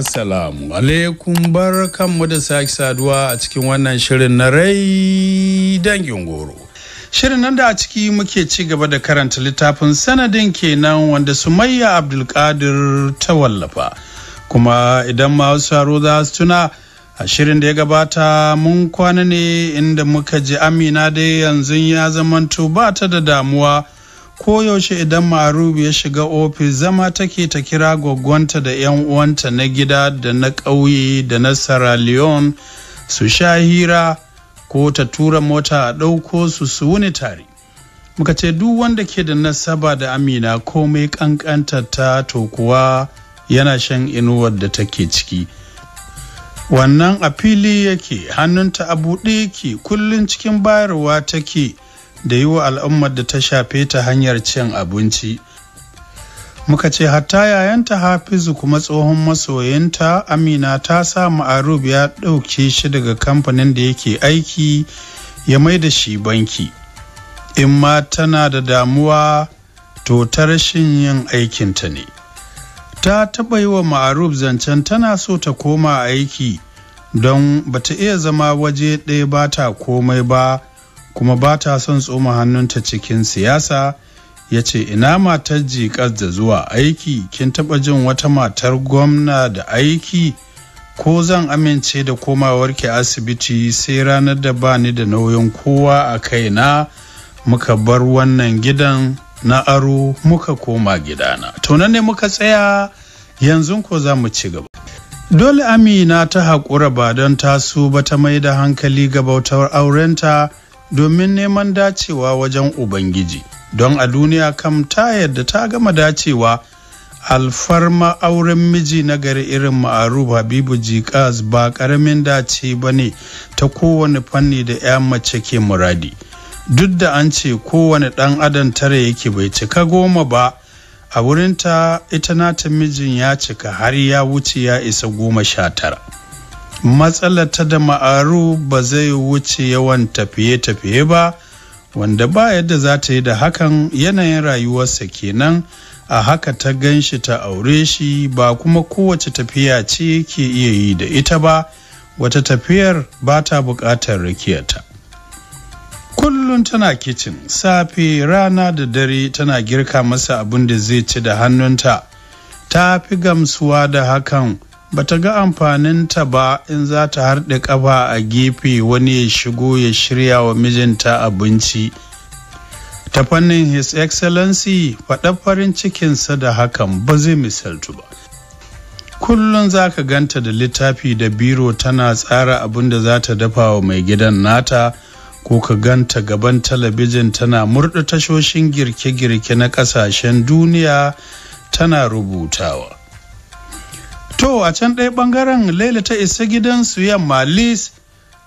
Assalamu alaikum barkanmu da sake saduwa a cikin wannan shirin na rai dangin goro. Shirin nan da a ciki muke ci gaba da karanta littafin sanadin kenan wanda Sumayya Abdulkadir ta wallafa. Kuma idan masu haro za su tuna a shirin da ya gabata mun kwana ne inda muka ji Amina dai yanzu ya zamanto ba ta da damuwa. koyaushe idan ma'arub ya shiga ofis zama take ta kira gwaggonta da 'yan uwanta na gida da na ƙauye da na sierra leone su sha hira ko ta tura mota a ɗauko su su wuni tare muka ce duk wanda ke da nasaba da amina komai ƙanƙantar ta to kuwa yana shan inuwar da take ciki wannan a fili yake hannunta a buɗe yake kullum cikin bayarwa take da yi wa al'ummar da ta shafe ta hanyar cin abinci muka ce hatta yayanta hafizu kuma tsohon masoyinta amina ta sa ma'arub ya ɗauke shi daga kamfanin da yake aiki ya mai da shi banki in ma tana da damuwa to ta rashin yin aikinta ne ta taɓa yi wa ma'arub zancen tana so ta koma aiki don bata iya zama waje ɗaya ba ta komai ba kuma ba ta son tsoma hannunta cikin siyasa ya ce ina matar jikar da zuwa aiki kin taɓa jin wata matar gwamna da aiki ko zan amince da komawarki asibiti sai ranar da ba ni da nauyin kowa a kaina muka bar wannan gidan na aro muka koma gidana to nan ne muka tsaya yanzu ko za mu ci gaba dole amina ta haƙura ba don taso ba ta mai da hankali ga bautar aurenta domin neman dacewa wajen Ubangiji, don a duniya kam ta yadda ta gama dacewa alfarma auren miji na gari irin ma'aruf Habibu Jikas ba karamin dace ba ne ta kowane fanni da 'ya mace ke muradi. Duk da an ce kowane ɗan adam tare yake bai cika goma ba, a wurinta ita nata mijin ya cika har ya wuce ya isa goma sha tara. matsalar ta da ma'aru ba zai wuce yawan tafiye-tafiye ba wanda ba yadda za ta yi da hakan yanayin rayuwarsa kenan a haka ta gan shi ta aure shi ba kuma kowace tafiya ce ke iya yi da ita ba wata tafiyar ba ta buƙatar rikiyata kullum tana kicin safe rana da dare tana girka masa abin da zai ci da hannunta ta fi gamsuwa da hakan Ba ta ga amfaninta ba in za ta harɗe ƙafa a gefe wani ya shigo ya shirya wa mijinta abinci ta fannin his excellency faɗa farin cikinsa da hakan ba zai misaltu ba kullum za ka ganta da littafi da biro tana tsara abin da za ta dafa wa mai gidan nata ko ka ganta gaban talabijin tana murɗa tashoshin girke-girke na ƙasashen duniya tana rubutawa to a can ɗaya ɓangaren laila ta isa gidan suyan malis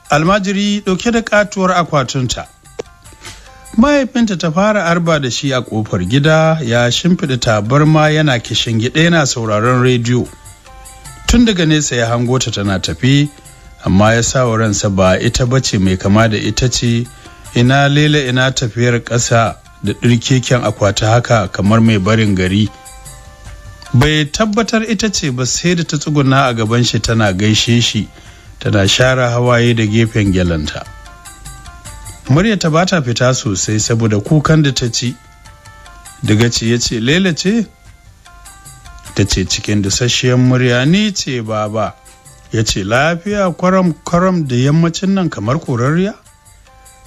almajiri ɗauke da katuwar akwatinta mahaifinta ta fara arba da shi a ƙofar gida ya shimfiɗa tabarma yana kishin gida yana sauraron rediyo tun daga nesa ya hango ta tana tafi amma ya sa wa ransa ba ita bace mai kama da ita ce ina lela ina tafiyar ƙasa da ɗirkeken akwati haka kamar mai barin gari bai tabbatar ita ce ba sai da ta tsuguna a gaban shi tana gaishe shi tana share hawaye da gefen gyalanta murya ta bata fita sosai saboda kukan da ta ci daga ce ya ce lele ce ta ce cikin dasasshiyar murya ni ce ba ba. ya ce lafiya kwaram kwaram da yammacin nan kamar korarriya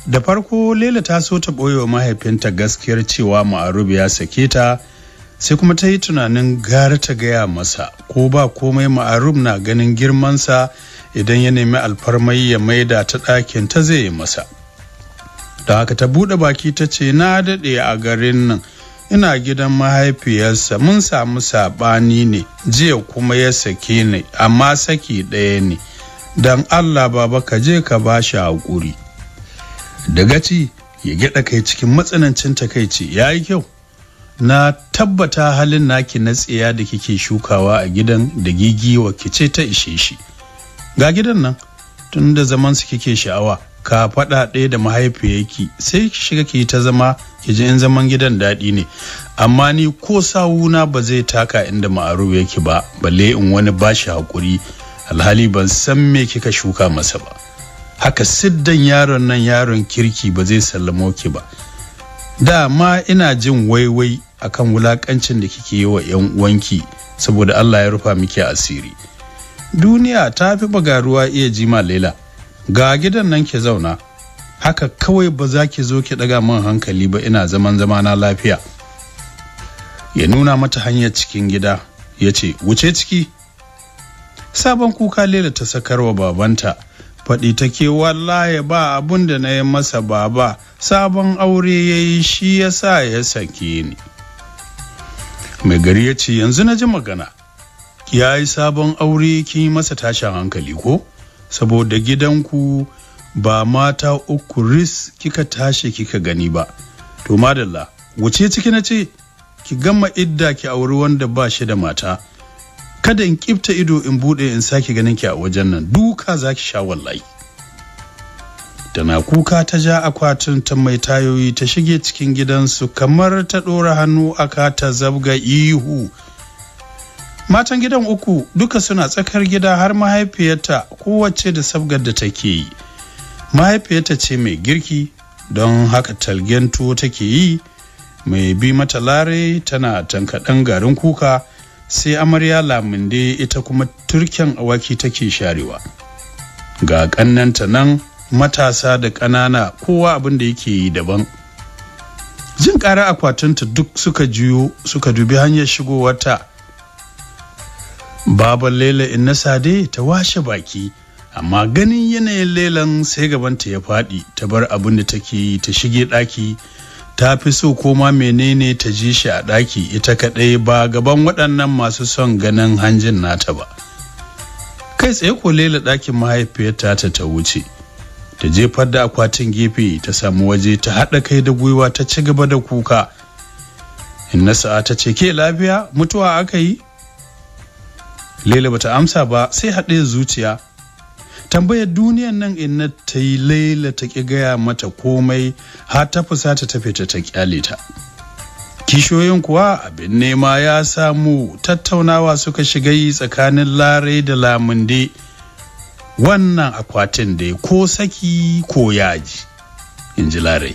da farko lela ta so ta ɓoye wa mahaifinta gaskiyar cewa ma'arub ya sake ta sai kuma ta yi tunanin gara ta gaya masa ko ba komai ma'arum na ganin girmansa idan ya nemi alfarmai ya maida ta ɗakin ta zai yi masa da haka ta buɗe baki ta ce na daɗe a garin nan ina gidan mahaifiyarsa mun samu saɓani ne jiya kuma ya sake ni amma saki ɗaya ne don allah baba ka je ka ba shi haƙuri daga ci ya gyaɗa kai cikin matsanancin takaici ya yi kyau na tabbata halin naki na tsiya da kike shukawa a gidan da gigiwa kice ta ishe shi ga gidan nan tun da zaman su kike sha'awa ka faɗa ɗaya da mahaifiyarki sai ki shiga ki ta zama ki ji in zaman gidan daɗi ne amma ni ko sawuna ba zai taka inda ma'aru yake ba balle in wani bashi haƙuri alhali ban san me kika shuka masa ba haka siddan yaron nan yaron kirki ba zai sallamo ki ba da ma ina jin waiwai akan wulakancin da kike yi wa 'yan uwanki saboda Allah ya rufa miki asiri duniya ta fi bagaruwa iya jima laila ga gidan nan ke zauna haka kawai ba za ki zo ki ɗaga min hankali ba ina zaman zama na lafiya ya nuna mata hanyar cikin gida ya ce wuce ciki sabon kuka Laila ta sakarwa babanta faɗi take wallahi ba abun da na yi masa baba sabon aure ya yi shi ya sa ya sake ni mai gari ya ce yanzu na ji magana ya yi sabon aure ki masa tashin hankali ko saboda gidanku ba mata uku ris kika tashi kika gani ba to madalla wuce ciki na ce ki gama idda ki auri wanda ba shi da mata kada in kifta ido in bude in sake ganin ki a wajen nan duka za ki sha wallahi tana kuka ta ja akwatin ta mai tayoyi ta shige cikin gidansu kamar ta ɗora hannu aka ta zabga ihu matan gidan uku duka suna tsakar gida har mahaifiyarta kowace da sabgar da take yi mahaifiyarta ce mai girki don haka talgen tuwo take yi mai bi mata lare tana tankaɗen garin kuka sai amarya laminde ita kuma turken awaki take sharewa ga ƙannanta nan matasa da ƙanana kowa abin da yake yi daban jin ƙara akwatinta duk suka juyo suka dubi hanyar shigowarta baban lela inna sade ta washe baki amma ganin yanayin lelan sai gabanta ya faɗi ta bar abin da take yi ta shige ɗaki ta fi so koma menene ta ji shi a ɗaki ita kaɗai ba gaban waɗannan masu son ganin hanjin nata ba kai tsaye ko lela ɗakin mahaifiyarta ta wuce ta jefar da akwatin gefe ta samu waje ta haɗa kai da gwiwa ta ci gaba da kuka inna sa'a ta ce ke lafiya mutuwa aka yi laila bata amsa ba sai haɗe zuciya tambayar duniyan nan inna ta yi laila ta ki gaya mata komai har ta fusata ta fita ta kyale ta kishiyoyin kuwa abin nema ya samu tattaunawa suka shiga yi tsakanin larai da lamunde wannan akwatin da ko saki ko yaji in ji larai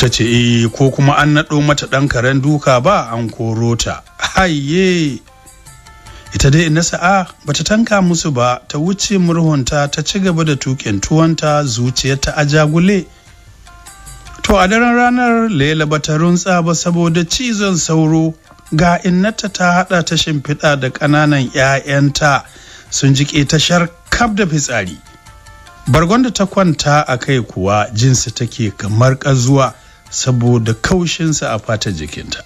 ta ce eh ko kuma an naɗo mata ɗan karen duka ba an koro ta haye ita dai na sa'a bata tanka musu ba ta wuce murhunta ta ci gaba da tuƙin tuwanta zuciyarta ta ajagule to a daren ranar laila ta runtsa ba saboda cizon sauro ga innata ta haɗa ta shimfiɗa da ƙananan 'ya'yanta sun jiƙe tashar kaf da fitsari bargon da ta kwanta a kai kuwa jinsi take kamar ƙazuwa saboda kaushinsa a fata jikinta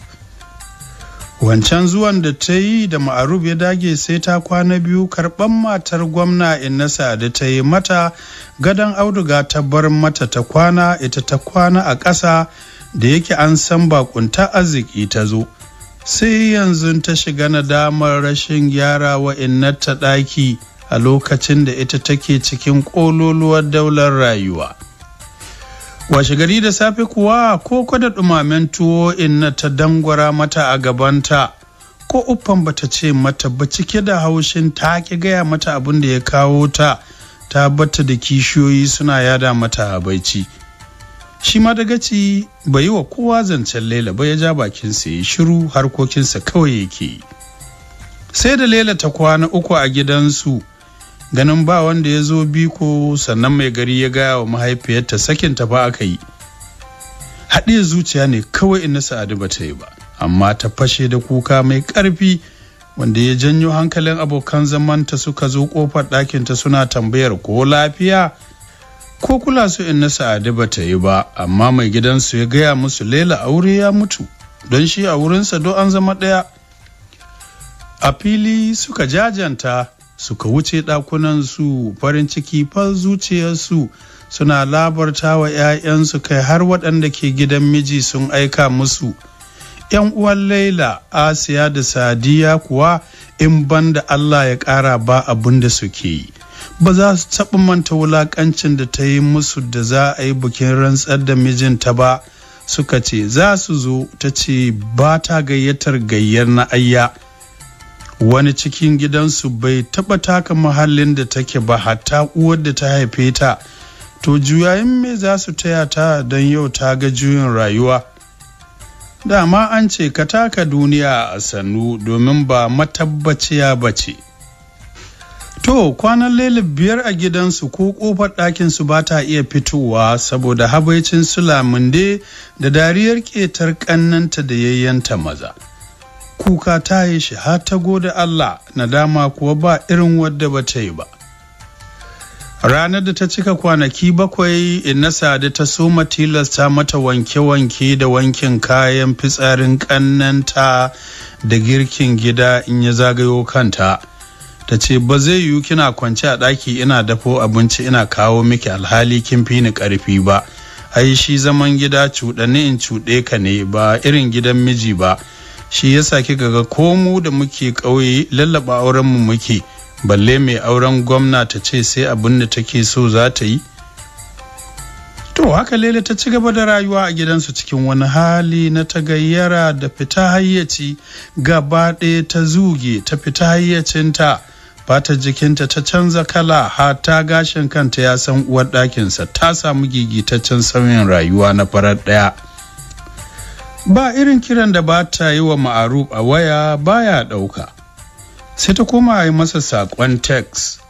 wancan zuwan da ta yi da ma'aruf ya dage sai ta kwana biyu karɓan matar gwamna innasa da ta yi mata gadon auduga ta bar mata ta kwana ita ta kwana a ƙasa da yake an san bakunta arziki ta zo sai yanzu ta shiga nadamar rashin gyara wa ta ɗaki a lokacin da ita take cikin ƙololuwar daular rayuwa. Washe gari da safe kuwa ko kada ɗumamen tuwo inna ta dangwara mata a gabanta ko uffan bata ce mata ba cike da haushin ta ki gaya mata abin da ya kawo ta ta bata da kishiyoyi suna yada mata a baici. shi ma daga ci bai yi wa kowa zancen lela ba ya ja sa ya shiru harkokinsa kawai yake yi sai da lela ta kwana uku a gidansu ganin ba wanda ya zo biko sannan mai gari ya gaya wa mahaifiyarta sakin ta ba aka yi haɗe zuciya ne kawai ina sa'adu ba ta yi ba amma ta fashe da kuka mai ƙarfi wanda ya janyo hankalin abokan zamanta suka zo ƙofar ɗakinta suna tambayar ko lafiya ko kula su in na sa'adu ba ta yi ba amma mai gidansu ya gaya musu lela aure ya mutu don shi a wurinsa do an zama ɗaya a fili suka jajanta suka wuce ɗakunansu farin ciki fal zuciyarsu suna labarta wa 'ya'yansu kai har waɗanda ke gidan miji sun aika musu yan uwan laila asiya da sadiya kuwa in banda allah ya ƙara ba abin da suke yi ba za su taɓa manta wulaƙancin da ta yi musu da za a yi bikin rantsar da mijinta ba suka ce za su zo ta ce ba ta gayyatar gayyar na ayya wani cikin gidansu bai taɓa taka mahallin da take ba hatta uwar da ta haife ta to juyayin me za su taya ta don yau ta ga juyin rayuwa dama an ce ka taka duniya a sannu domin ba matabbaciya ba ce To kwanan lele biyar a gidansu ko kofar ɗakinsu ba ta iya fitowa saboda habaicin sulamunde da dariyar ƙetar ƙannanta da yayyanta maza. Kuka ta yi shi har ta goda Allah na dama kuwa ba irin wadda ba ta yi ba. Ranar da ta cika kwanaki bakwai inna sadi ta soma tilasta mata wanke-wanke da wankin kayan fitsarin ƙannanta da girkin gida in ya zagayo kanta. ta ce ba zai yiwu kina kwance a ɗaki ina dafo abinci ina kawo miki alhali kin fi ni ƙarfi ba ai shi zaman gida cuɗani in cuɗe ka ne ba irin gidan miji ba shi yasa kika ga ko mu da muke ƙauye lallaba auren mu muke balle mai auren gwamna ta ce sai abin da take so za ta yi to haka lele ta ci gaba da rayuwa a gidansu cikin wani hali na ta gayyara da fita hayyaci gaba ɗaya ta zuge ta fita hayyacinta fatar jikinta ta canza kala ta gashin kanta ya san uwar ɗakinsa ta samu gigitaccen sauyin rayuwa na farar ɗaya ba irin kiran da ba ta yi wa ma'aruf a waya baya ɗauka sai ta koma yi masa saƙon text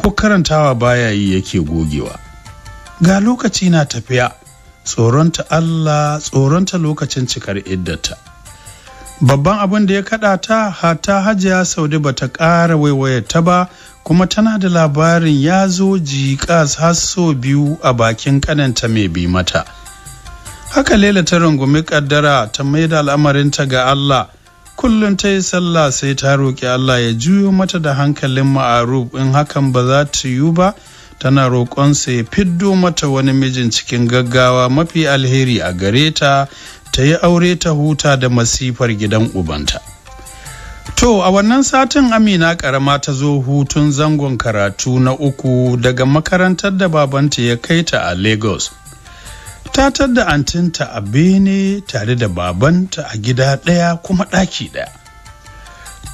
ko karantawa baya yi yake gogewa ga lokaci na tafiya tsoronta allah tsoronta lokacin cikar iddata babban abin da ya kada ta hata hajiya saudi bata ƙara waiwaya ta ba kuma tana da labarin ya zo jiƙas har sau biyu a bakin kananta mai bi mata haka lela ta rungumi kaddara ta mai da al'amarinta ga allah kullum ta yi sallah sai ta roƙi allah ya juyo mata da hankalin ma'aruf in hakan ba za ta yiwu ba tana roƙonsa ya fiddo mata wani mijin cikin gaggawa mafi alheri a gare ta ta yi aure ta huta da masifar gidan ubanta to a wannan satin amina ƙarama ta zo hutun zangon karatu na uku daga makarantar da babanta ya kai ta a lagos ta tadda antinta a bene tare da babanta a gida ɗaya kuma ɗaki ɗaya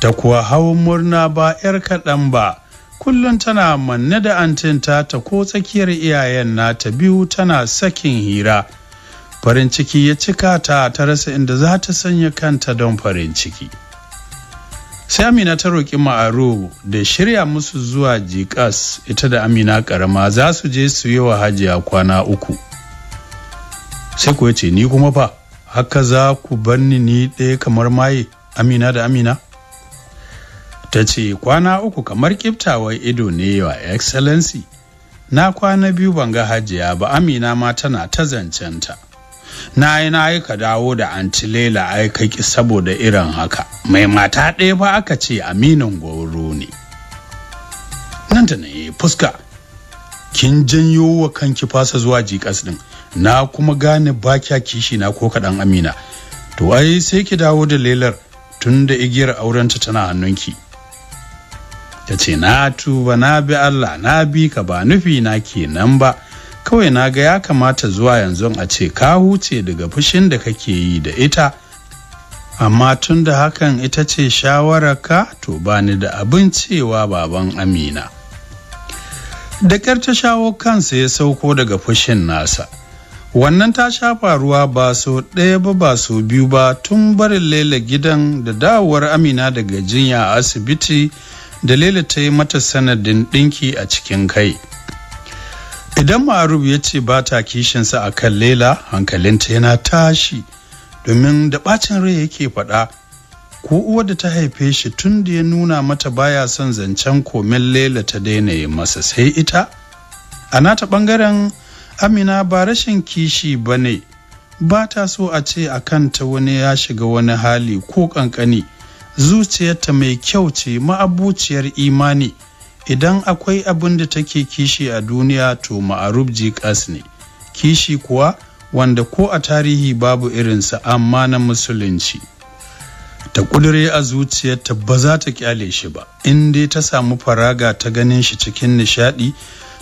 ta kuwa hau murna ba 'yar kaɗan ba kullum tana manne da antinta ta ko tsakiyar iyayen nata biyu tana sakin hira farin ciki ya cika ta ta rasa inda za ta sanya kanta don farin ciki sai amina ta roƙi ma'aru da shirya musu zuwa jikas ita da amina ƙarama za su je su yi wa hajiya kwana uku sai ku ce ni kuma fa haka za ku banni ni ɗaya kamar maye amina da amina ta ce kwana uku kamar kiftawar ido ne wa excellency na kwana biyu ban ga hajiya ba amina ma tana ta zancenta na yi na yi ka dawo da antilela ai kaki saboda irin haka mai mata ɗaya ba aka ce aminin goro ne nan da ne eh, fuska kin janyo wa kanki fasa zuwa jikas din na kuma gane ba kya kishi na ko kaɗan amina to ai sai ki dawo da lelar tun da igiyar aurenta tana hannunki ta ce na tuba na bi allah na bi ka ba nufi na kenan ba kawai na ga ya kamata zuwa yanzu a ce ka huce daga fushin da kake yi da ita amma tun da hakan ita ce shawararka to bani da abin cewa baban amina da ƙyar ta shawo kansa ya sauko daga fushin nasa wannan ta sha faruwa ba so ɗaya ba ba so biyu ba tun barin lela gidan da dawowar amina daga jinya a asibiti da lela ta yi mata sanadin ɗinki a cikin kai idan ma'aruf ya ce ba ta kishinsa a kan lela hankalinta yana tashi domin da ɓacin rai yake faɗa ko uwar da ta haife shi tun da ya nuna mata baya son zancen komin lela ta daina yi masa sai ita a nata ɓangaren amina ba rashin kishi ba ne ba ta so a ce a kanta wani ya shiga wani hali ko ƙanƙani zuciyarta mai kyau ce ma'abuciyar imani idan akwai abin da take kishi a duniya to ma'aruf jikas ne kishi kuwa wanda ko a tarihi babu irinsa amma na musulunci ta kudure a zuciyarta ba za ta kyale shi ba in dai ta samu faraga ta ganin shi cikin nishadi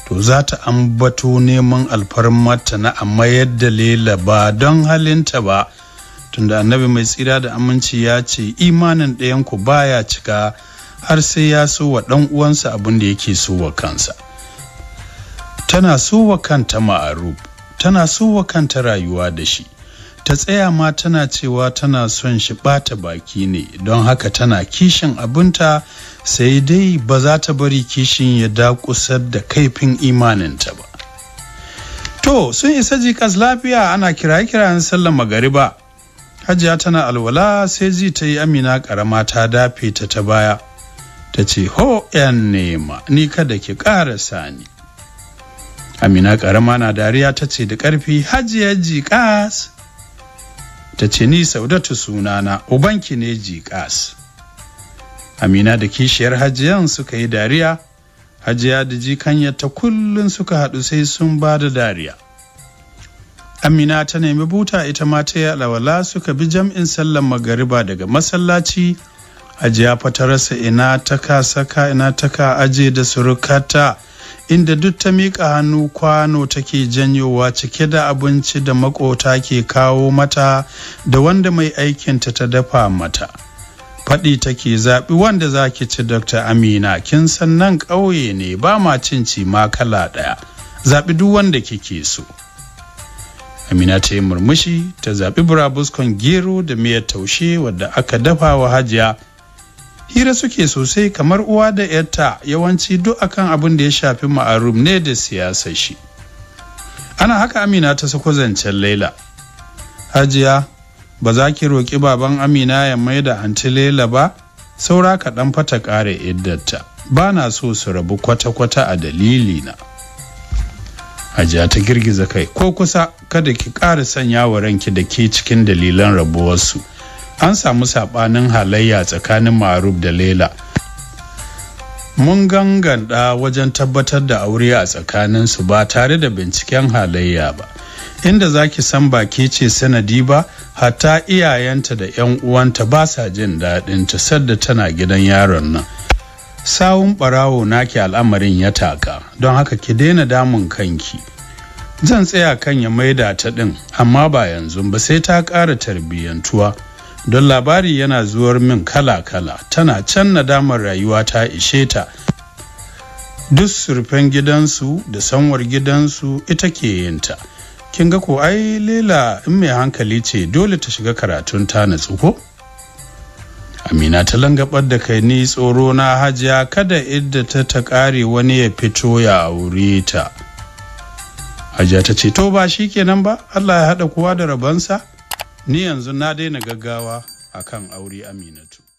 to za ta ambato neman alfarmarta na amma yadda lela ba don halinta ba tunda annabi mai tsira da aminci ya ce imanin ɗayanku baya cika har sai ya so wa ɗan uwansa abin da yake so wa kansa tana so wa kanta ma'aruf tana so wa kanta rayuwa da shi ta tsaya ma tana cewa tana son shi ɓata baki ne don haka tana kishin abinta sai dai ba za ta bari kishin ya dakusar da kaifin imaninta ba to sun isa jikas lafiya ana kiraye-kirayen magari ba. hajiya tana alwala sai ji ta yi amina ƙarama ta dafe ta ta baya ta ce ho yan nema ni kada ki ƙara sani amina ƙarama na dariya ta ce da ƙarfi hajiya jiƙas ta ce ni saudatu sunana ubanki ne jiƙas amina da kishiyar hajiyan suka yi dariya hajiya da jikanya ta kullum suka haɗu sai sun ba da dariya amina ta nemi buta ita ma ta yi alawala suka bi jam'in sallan magariba daga masallaci ajiya fatararsa ina ta ka saka ina ta ka aje da surukata inda duk ta miƙa hannu kwano take janyowa cike da abinci da makota ke kawo mata da wanda mai aikinta ta dafa mata faɗi take zaɓi wanda za ki ci dr amina kin san nan ƙauye ne ba ma cin ci ma kala ɗaya zaɓi duk wanda kike so amina ta yi murmushi ta zaɓi burabuskon gero da miyar taushe wadda aka dafa wa hajiya hira suke sosai kamar uwa da yarta yawanci duk akan abin da ya shafi ma'arum ne da siyasar shi ana haka amina ta sako zancen laila hajiya ba za ki roƙi baban amina ya mai da anti laila ba saura kaɗan fata ƙare iddarta ba na so su rabu kwata-kwata a dalili na hajiya ta girgiza kai ko kusa kada ki ƙara sanya wa ranki da ke cikin dalilan rabuwarsu an samu saɓanin halayya tsakanin marub da lela mun ganganda wajen tabbatar da aure a tsakaninsu ba tare da binciken halayya ba inda zaki san ba ke ce sanadi ba hatta iyayenta da 'yan uwanta ba sa jin daɗin ta sadda tana gidan yaron nan sawun ɓarawo naki al'amarin ya taka don haka ki daina damun kanki zan tsaya kan ya maida ta ɗin amma ba yanzu ba sai ta ƙara tarbiyyantuwa don labari yana zuwar min kala-kala tana can damar rayuwa ta ishe ta duk surfen gidansu da sanwar gidansu ita ke yinta kin ga ko ai lela in mai hankali ce dole ta shiga karatun ta na ko amina ta langabar da kai ni tsoro na hajiya kada idda ta ta kare wani ya fito ya aure ta hajiya ta ce to ba shi kenan ba allah ya haɗa kowa da rabansa ni yanzu na daina gaggawa akan aure aminatu